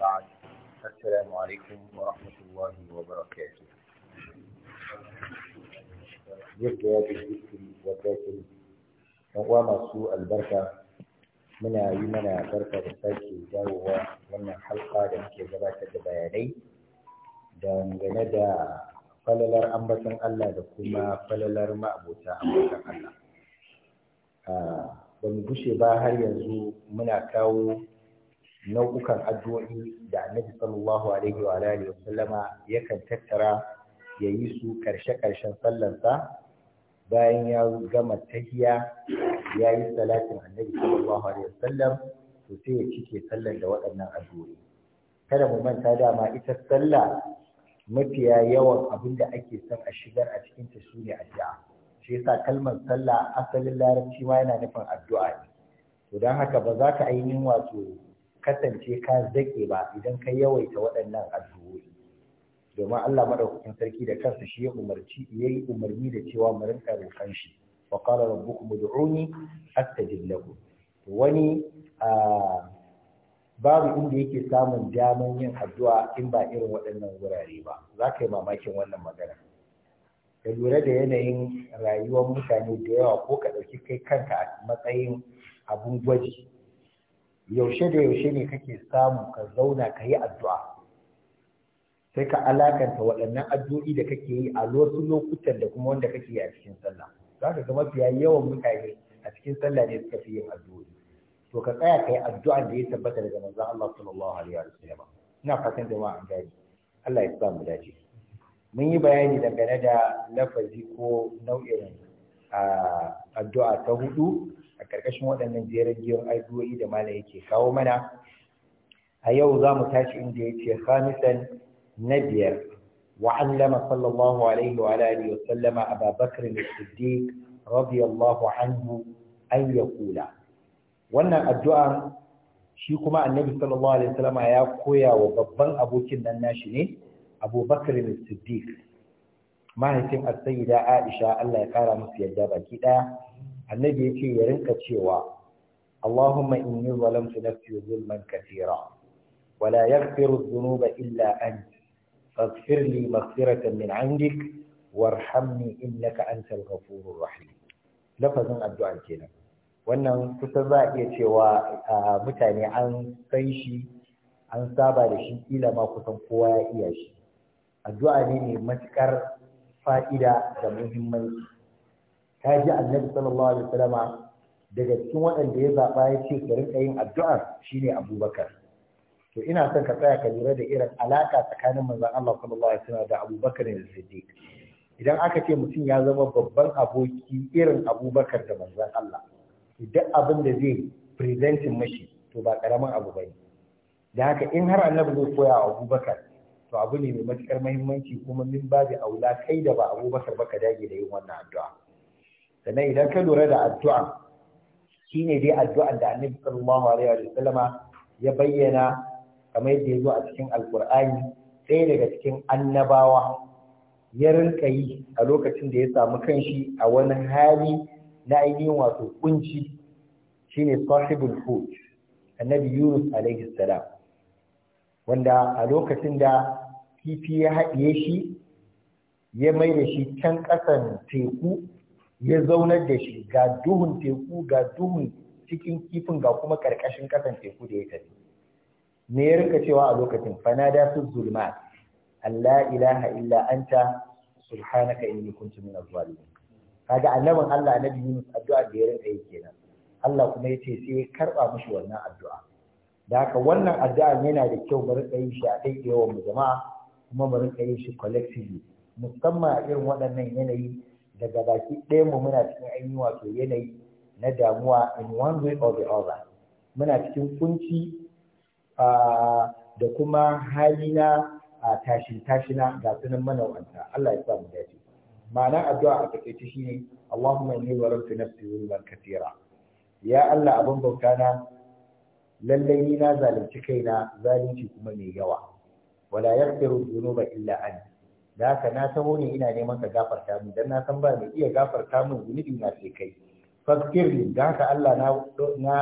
بعد السلام عليكم ورحمة الله وبركاته يبدأ بالذكر والذاكر وما masu albarka, muna yi mana barka da sake dawowa wannan halka da muke gabatar da bayanai dangane da falalar ambatan Allah da kuma falalar ma'abota ambaton Allah. Ba mu ba har yanzu muna kawo nau'ukan addu'o'i da annabi sallallahu alaihi wa alihi wa sallama yakan tattara ya yi su karshe-karshen sallarsa bayan ya gama tahiya ya yi salatin annabi sallallahu alaihi wa sallam to sai ya cike sallar da waɗannan addu'o'i kada mu manta dama ita sallah mafiya yawan abin da ake son a shigar a cikin ta shine addu'a shi yasa kalmar sallah asalin larabci ma yana nufin addu'a ne to don haka ba za ka ainihin wato kasance ka zake ba idan ka yawaita waɗannan addu'o'i domin Allah madaukakin sarki da kansa shi ya umarci yayi umarni da cewa mu rinka roƙan shi wa qala rabbukum ud'uni astajib lakum wani babu inda yake samun daman yin addu'a in ba irin waɗannan wurare ba za ka yi mamakin wannan magana ka lura da yanayin rayuwar mutane da yawa ko ka ɗauki kai kanka a matsayin abun gwaji yaushe da yaushe ne kake samu ka zauna ka yi addu'a sai ka alakanta waɗannan addu'o'i da kake yi a wasu lokutan da kuma wanda kake yi a cikin sallah za ka ga mafiya yawan mutane a cikin sallah ne suka fi yin addu'o'i to ka tsaya ka yi addu'a da ya tabbata daga manzon Allah sallallahu alaihi wa sallam ina fatan jama'a an gaji. Allah ya sa dace mun yi bayani dangane da lafazi ko nau'in ah, addu'a ta hudu karkashin waɗannan jerin jerin addu'o'i da malam yake kawo mana a yau za mu tashi inda yake khamisan na biyar وعلم صلى alaihi عليه وعلى wa sallama أبا بكر الصديق رضي الله an ya kula. wannan addu'a shi kuma annabi sallallahu alaihi wasallam ya koya wa babban abokin nan nashi ne Abubakar Siddiq mahaifin as-sayyida Aisha Allah ya kara musu yadda baki daya annabi ya ce ya rinka cewa Allahumma inni zalamtu nafsi zulman katira wa la yaghfiru dhunuba illa anta faghfir li maghfiratan min 'indik warhamni innaka antal ghafurur rahim lafazin addu'a kenan wannan kusan za a iya cewa mutane an san shi an saba da shi kila ma kusan kowa ya iya shi addu'a ne mai matukar fa'ida da muhimmanci ka ji annabi sallallahu alaihi wasallama daga cikin waɗanda ya zaɓa ya ce ka rinka yin addu'a shine abubakar to ina son ka tsaya ka lura da irin alaka tsakanin manzon Allah sallallahu alaihi wasallam da abubakar da siddiq idan aka ce mutum ya zama babban aboki irin abubakar da manzon Allah duk abin da zai presenting mashi to ba karamin abu bane da haka in har annabi zai koya wa abubakar to abu ne mai matukar muhimmanci kuma min babu aula kai da ba abubakar ba ka dage da yin wannan addu'a sannan idan ka lura da addu'a shine dai addu'a da annabi sallallahu alaihi wa sallama ya bayyana kamar yadda ya zo a cikin alkur'ani ɗaya daga cikin annabawa ya rinka yi a lokacin da ya samu kanshi a wani hali na ainihin wato kunci shine sahibul hud annabi yunus alaihi salam wanda a lokacin da kifi ya haɗiye shi ya mai da shi can ƙasan teku ya zaunar da shi ga duhun teku ga duhun cikin kifin ga kuma karkashin kasan teku da ya tafi me ya rika cewa a lokacin fanada su zulma Allah ilaha illa anta subhanaka inni kuntu minaz zalimin kaga annabin Allah annabi Yunus addu'a da ya rinka yi kenan Allah kuma ya ce sai ya karba mushi wannan addu'a da haka wannan addu'a yana da kyau mu rinka yi shi a kai yawan mu jama'a kuma mu rinka yi shi collectively musamman a irin waɗannan yanayi daga baki ɗaya mu muna cikin ainihin wato yanayi na damuwa in one way or the other muna cikin kunci da kuma hali na tashin tashina ga sunan manawanta Allah ya sa mu dace ma'ana addu'a a takaice shine Allahumma inni na nafsi zulman katira ya Allah abin bauta na lallai ni na zalunci kaina zalunci kuma mai yawa wala yaghfiru dhunuba illa anta da haka na taho ne ina neman ka gafarta min dan na san ba mai iya gafarta min zunubi na sai kai fakirni da haka Allah na na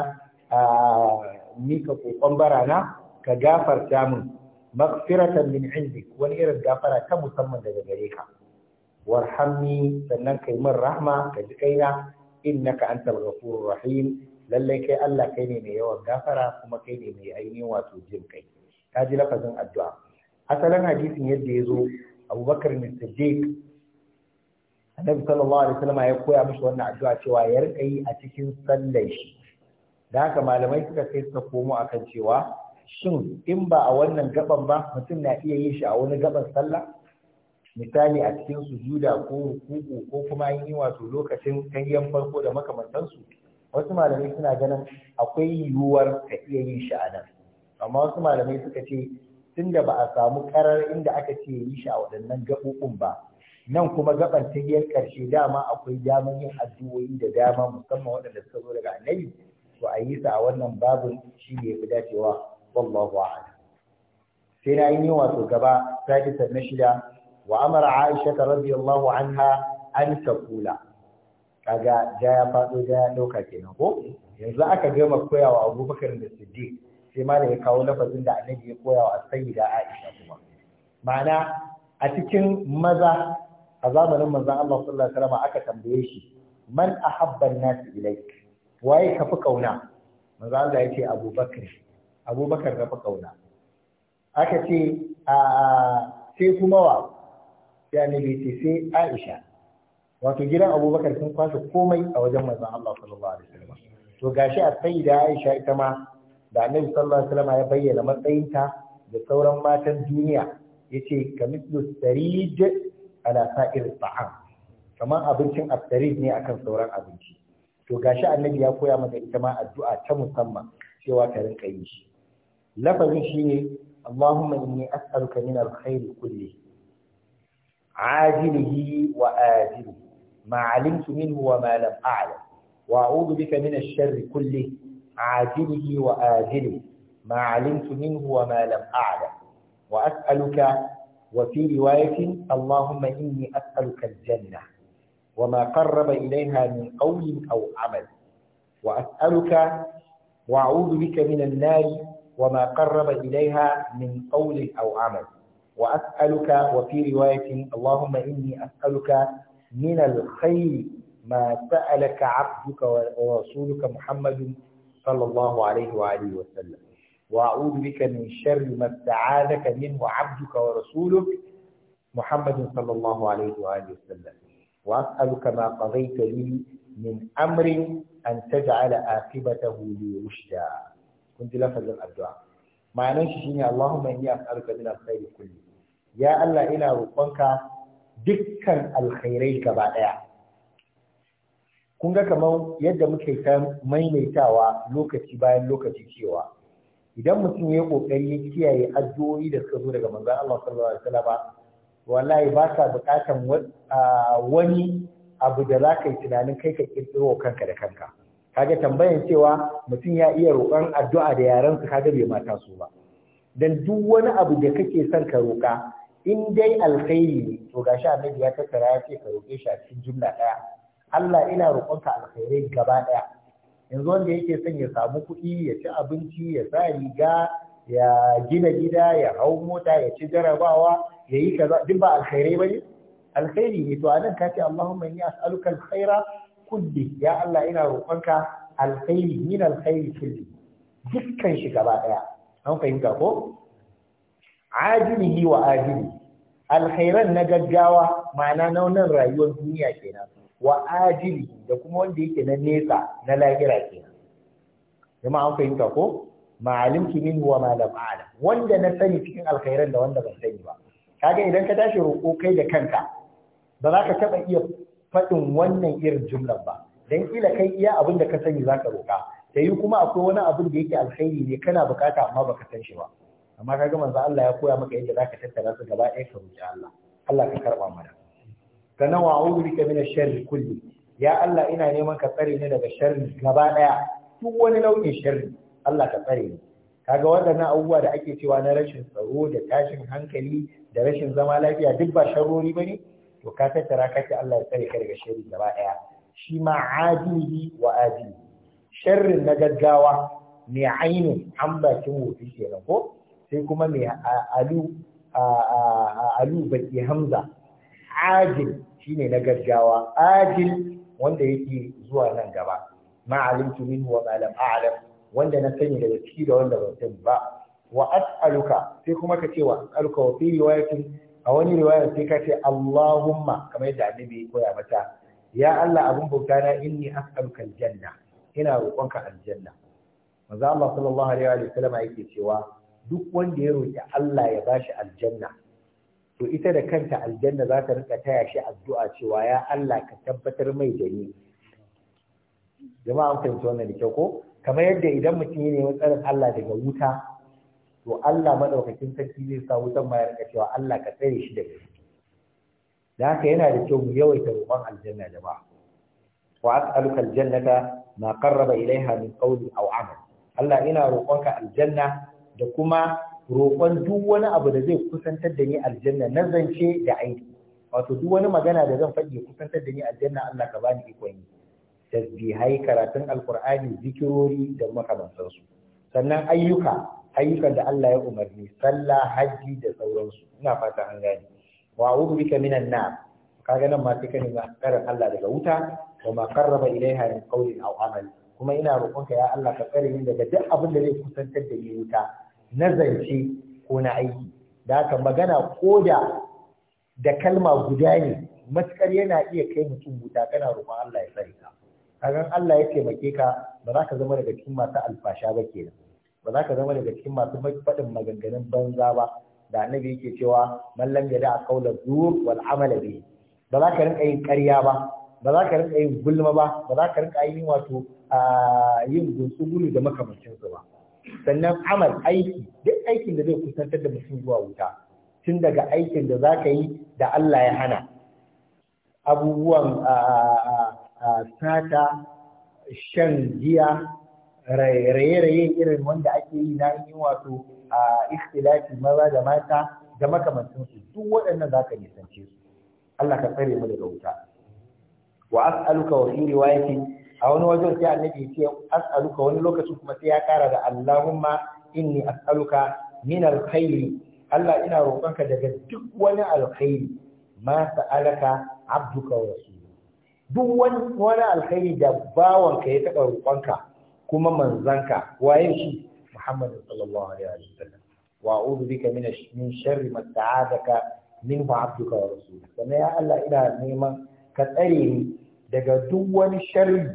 mika kokon barana ka gafarta min maghfiratan min indik wani irin gafara ta musamman daga gare ka warhamni sannan kai min rahma ka ji na innaka antal ghafurur rahim lallai kai Allah kai ne mai yawan gafara kuma kai ne mai ainihin wato jin kai ka ji lafazin addu'a asalin hadisin yadda ya zo abubakar ne annabi sallallahu alaihi wasallam ya koya mishi wannan addu'a cewa ya rika yi a cikin sallar shi da haka malamai suka kai suka komo akan cewa shin in ba a wannan gaban ba mutum na iya yin shi a wani gaban sallah misali a cikin sujuda ko rukuku ko kuma yin wato lokacin tayyan farko da makamantansu wasu malamai suna ganin akwai yiwuwar ka iya yin shi a nan amma wasu malamai suka ce tunda ba a samu karar inda aka ce yi shi a waɗannan gaɓoɓin ba nan kuma gaban tahiyar ƙarshe dama akwai daman yin addu'o'i da dama musamman waɗanda suka zo daga annabi to a yi su a wannan babin shi ne fi dacewa wallahu a'lam sai na yi wato gaba sadisa na shida wa amara aisha ta radiyallahu anha an takula kaga da ya faɗo da ya ɗauka kenan ko yanzu aka gama koyawa abubakar da siddiq sai malam ya kawo lafazin da annabi ya koya wa sayyida Aisha kuma ma'ana a cikin maza a zamanin manzon Allah sallallahu alaihi wasallam aka tambaye shi man ahabba an-nas ilayk waye ka fi kauna manzon Allah ya ce Abubakar Abubakar fi kauna aka ce a sai kuma wa sai annabi ce sai Aisha wato gidan Abubakar sun kwashe komai a wajen manzon Allah sallallahu alaihi wasallam to gashi a sayyida Aisha ita ma da annabi sallallahu alaihi wasallam ya bayyana matsayinta da sauran matan duniya yace kamithlu sarij ala sa'ir ta'am kamar abincin astarij ne akan sauran abinci to gashi annabi ya koya mata ita ma addu'a ta musamman cewa ta rinka yi shi lafazin shine ne, inni as'aluka min alkhairi kulli ajilihi wa ajilihi ma 'alimtu minhu wa ma lam wa a'udhu bika min sharri kulle. عاجله وآجله ما علمت منه وما لم أعلم وأسألك وفي رواية اللهم إني أسألك الجنة وما قرب إليها من قول أو عمل وأسألك وأعوذ بك من النار وما قرب إليها من قول أو عمل وأسألك وفي رواية اللهم إني أسألك من الخير ما سألك عبدك ورسولك محمد صلى الله عليه وآله وسلم وأعوذ بك من شر ما استعاذك منه عبدك ورسولك محمد صلى الله عليه وآله وسلم وأسألك ما قضيت لي من أمر أن تجعل عاقبته لي رشدا كنت لفظ الدعاء ma'anar shi shine Allahumma inni as'aluka min alkhairi kulli ya Allah ina roƙonka dukkan alkhairai gaba daya kun ga kamar yadda muke ta maimaitawa lokaci bayan lokaci cewa idan mutum ya kokari ya kiyaye addu'o'i da suka zo daga manzon Allah sallallahu alaihi wasallam wallahi ba ka bukatan wani abu da za ka yi tunanin kai ka kirkiro kanka da kanka kaga tambayan cewa mutum ya iya roƙon addu'a da yaran su kaga bai mata su ba dan duk wani abu da kake son ka roƙa in dai alkhairi ne to gashi annabi ya tattara ya ce ka roƙe shi a cikin jumla ɗaya Allah ina roƙonka alkhairai gaba ɗaya yanzu wanda yake son ya samu kuɗi ya ci abinci ya sa riga ya gina gida ya hau mota ya ci jarabawa ya yi kaza duk ba alkhairai ba ne alkhairi ne to anan ka ce Allahumma inni as'aluka alkhaira kulli ya Allah ina roƙonka alkhairi min alkhairi kulli dukkan shi gaba ɗaya an fahimta ko ajilihi wa ajili alkhairan na gaggawa ma'ana na wannan rayuwar duniya kenan wa ajili da kuma wanda yake na nesa na lahira kenan jama'a an fahimta ko ma'alimki min wa ma lam wanda na sani cikin alkhairan da wanda ban sani ba kaga idan ka tashi roƙo kai da kanka ba za ka taɓa iya faɗin wannan irin jumlar ba dan kila kai iya abin da ka sani za ka roƙa Ta yi kuma akwai wani abin da yake alkhairi ne kana bukata amma baka san shi ba amma kaga manzo Allah ya koya maka yadda zaka tattara su gaba ɗaya ka roƙi Allah Allah ka karɓa mana sannan wa a'udhu bika min ash-sharri kulli ya Allah ina neman ka tsare ni daga sharri gaba daya duk wani nau'in sharri Allah ka tsare ni kaga waɗannan abubuwa da ake cewa na rashin tsaro da tashin hankali da rashin zama lafiya duk ba sharrori bane to ka tattara ka ce Allah ya tsare ka daga sharri gaba daya shi ma adili wa adili sharrin na gaggawa mai aini an bakin wofi kenan ko sai kuma mai alu alu baki hamza ajil shine na gaggawa ajil wanda yake zuwa nan gaba ma alimtu minhu wa ma lam a'lam wanda na sani daga ciki da wanda ban sani ba wa as'aluka sai kuma ka ce wa as'aluka wa fi riwayatin a wani riwaya sai ka ce Allahumma kamar yadda annabi ya koya mata ya Allah abun bauta na inni as'aluka aljanna ina roƙonka aljanna manzo Allah sallallahu alaihi wa yake cewa duk wanda ya roki Allah ya bashi aljanna to ita da kanta aljanna za ta rika taya shi addu'a cewa ya Allah ka tabbatar mai da ni jama'a an fahimci wannan da kyau ko kamar yadda idan mutum ya nemi tsarin Allah daga wuta to Allah madaukakin sarki zai sa wutan ma ya rika cewa Allah ka tsare shi daga wuta da haka yana da kyau mu yawaita roƙon aljanna jama'a wa as'aluka aljannata ma qarraba ilaiha min qawli aw amal Allah ina roƙonka aljanna da kuma roƙon duk wani abu da zai kusantar da ni aljanna na zance da aiki wato duk wani magana da zan faɗi kusantar da ni aljanna Allah ka bani ikon yi tasbihai karatun alqur'ani zikirori da makamantansu sannan ayyuka ayyukan da Allah ya umarni sallah haji da sauransu ina fata an gane wa a'udhu bika minan nar kaga nan ma sai kane Allah daga wuta wa ma qarraba ilaiha min qawlin aw amal kuma ina roƙonka ya Allah ka tsare ni daga duk abin da zai kusantar da ni wuta na zance ko na aiki da haka magana ko da da kalma guda ne matukar yana iya kai mutum wuta kana roƙon Allah ya tsare ka kagan Allah ya taimake ka ba za ka zama daga cikin masu alfasha ba kenan ba za ka zama daga cikin masu faɗin maganganun banza ba da annabi yake cewa man ya da kaula zuwa wal amala bihi ba za ka rinka yin ƙarya ba ba za ka rinka yin gulma ba ba za ka rinka yin wato ah, yin gunsu gulu da makamancinsu ba sannan amal aiki duk aikin da zai kusantar da mutum zuwa wuta tun daga aikin da za ka yi da Allah ya hana abubuwan sata shan giya raye-raye irin wanda ake yi na yi wato a ikhtilafi maza da mata da su duk waɗannan za ka nisance su Allah ka tsare mu daga wuta wa as'aluka wa fi a wani wajen sai annabi ya ce as'aluka wani lokacin kuma sai ya kara da Allahumma inni as'aluka min alkhairi Allah ina roƙonka daga duk wani alkhairi ma sa'alaka abduka wa rasuluhu duk wani wani alkhairi da bawanka ya taɓa roƙonka kuma manzanka waye shi Muhammad sallallahu alaihi wa sallam wa a'udhu bika min min sharri ma ta'adaka minhu abduka wa rasuluhu sannan ya Allah ina neman ka tsare ni daga duk wani sharri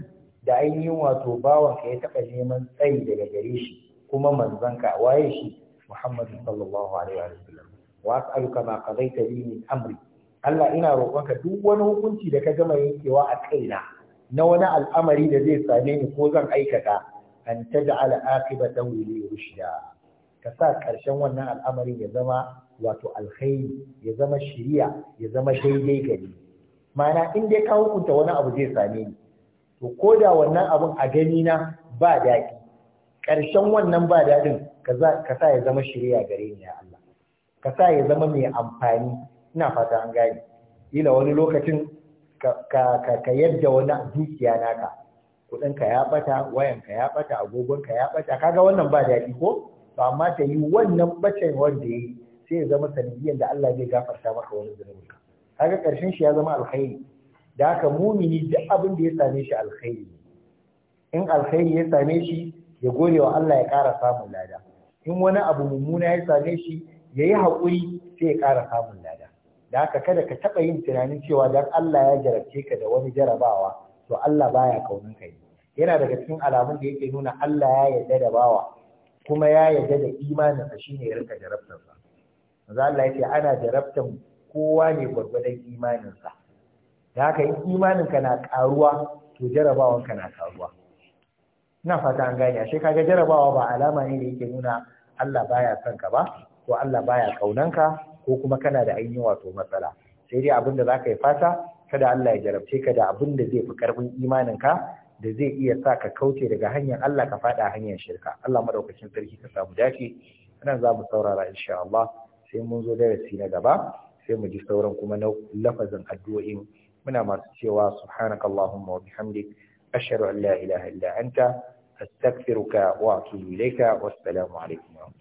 da ainihin wato bawanka ya taɓa neman tsayi daga gare shi kuma manzanka waye shi Muhammadu sallallahu alaihi wa sallam wa as'aluka ma qadaita li min amri Allah ina roƙonka duk wani hukunci da ka gama yankewa a kaina na wani al'amari da zai same ni ko zan aikata an taj'ala aqibatan wili rushda ka sa ƙarshen wannan al'amari ya zama wato alkhairi ya zama shiriya ya zama daidai gari ma'ana in dai ka hukunta wani abu zai same ni to ko da wannan abin a gani na ba daɗi ƙarshen wannan ba daɗin ka sa ya zama shirya gare ni ya Allah ka sa ya zama mai amfani ina fata an gane ila wani lokacin ka yadda wani dukiya naka ka ya bata wayanka ya bata agogon ka ya bata kaga wannan ba daɗi ko to amma ta yi wannan bacin wanda yi sai ya zama sanadiyar da Allah zai gafarta maka wani zunubi kaga ƙarshen shi ya zama alkhairi da haka mumini duk abin da ya same shi alkhairi in alkhairi ya same shi ya gode wa Allah ya ƙara samun lada in wani abu mummuna ya same shi ya yi haƙuri sai ya ƙara samun lada da haka kada ka taɓa yin tunanin cewa dan Allah ya jarabce ka da wani jarabawa to Allah baya kaunin kai yana daga cikin alamun da yake nuna Allah ya yarda da bawa kuma ya yarda da imanin sa shine ya rinka jarabtar sa maza Allah yace ana jarabtan kowa ne gwargwadon imanin sa da haka yi imaninka na karuwa to jarabawanka na karuwa ina fata an gane ashe kaga jarabawa ba alama ne da yake nuna Allah baya son ka ba ko Allah baya kaunanka ko kuma kana da ainihin wato matsala sai dai abin da zaka yi fata kada Allah ya jarabce ka da abin da zai fi karfin imaninka da zai iya sa ka kauce daga hanyar Allah ka fada hanyar shirka Allah madaukakin sarki ka samu dace nan za mu saurara insha Allah sai mun zo darasi na gaba sai mu ji sauran kuma na lafazin addu'o'in muna masu cewa subhanakallahumma wa bihamdik ashhadu an la ilaha illa anta astaghfiruka wa atubu ilayka wassalamu alaikum